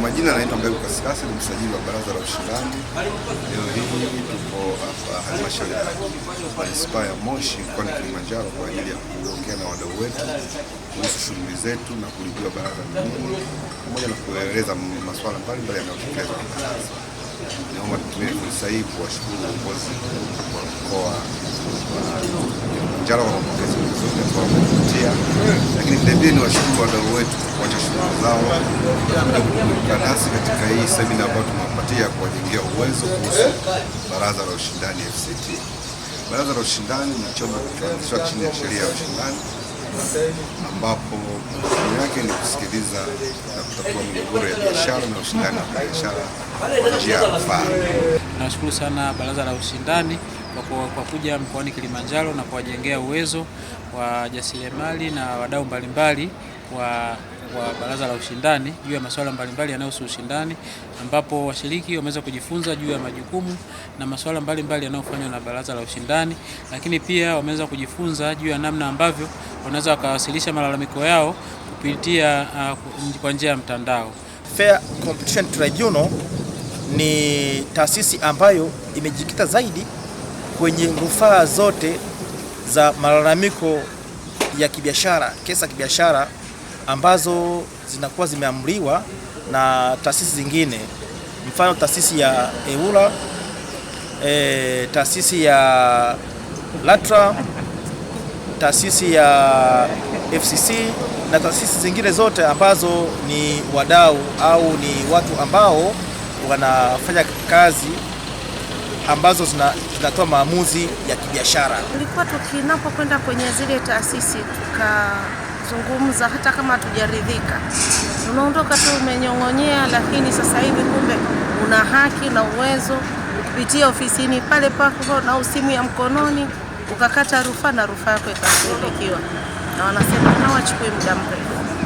majina anaitwa Mbegu Kasikasi, ni msajili wa baraza la ushindani. Leo hii tuko hapa halmashauri ya manispaa ya Moshi mkoani Kilimanjaro kwa ajili ya kuongea na wadau wetu kuhusu shughuli zetu na kulijua baraza ni pamoja na kueleza masuala mbalimbali yanayotekelezwa na baraza. Naomba tutumie fursa hii kuwashukuru uongozi wa mkoa wa Njara kwa mapokezi mazuri ambao wametupatia, lakini vilevile ni washukuru wadau wetu kuacha shughuli zao na nasi katika hii semina ambayo tumewapatia kuwajengea uwezo kuhusu Baraza la Ushindani FCT. Baraza la Ushindani ni chombo kilichoanzishwa chini ya sheria ya ushindani ambapo masomo yake ni kusikiliza na kutatua migogoro ya biashara na ushindani wa biashara kwa njia ya rufaa. Nashukuru sana Baraza la Ushindani kwa kuja mkoani Kilimanjaro na kuwajengea uwezo wa jasiriamali na wadau mbalimbali wa wa baraza la ushindani juu ya masuala mbalimbali yanayohusu ushindani ambapo washiriki wameweza kujifunza juu ya majukumu na masuala mbalimbali yanayofanywa na baraza la ushindani, lakini pia wameweza kujifunza juu ya namna ambavyo wanaweza wakawasilisha malalamiko yao kupitia uh, kwa njia ya mtandao. Fair Competition Tribunal ni taasisi ambayo imejikita zaidi kwenye rufaa zote za malalamiko ya kibiashara, kesa ya kibiashara ambazo zinakuwa zimeamriwa na taasisi zingine, mfano taasisi ya EWURA e, eh, taasisi ya LATRA, taasisi ya FCC na taasisi zingine zote ambazo ni wadau au ni watu ambao wanafanya kazi ambazo zinatoa maamuzi ya kibiashara. Tulikuwa tukinapokwenda kwenye zile taasisi tuka kuzungumza, hata kama hatujaridhika. Unaondoka tu umenyong'onyea, lakini sasa hivi kumbe una haki na uwezo, kupitia ofisini pale pako na simu ya mkononi ukakata rufaa na rufaa yako ikashughulikiwa, na wanasema hawachukui muda mrefu.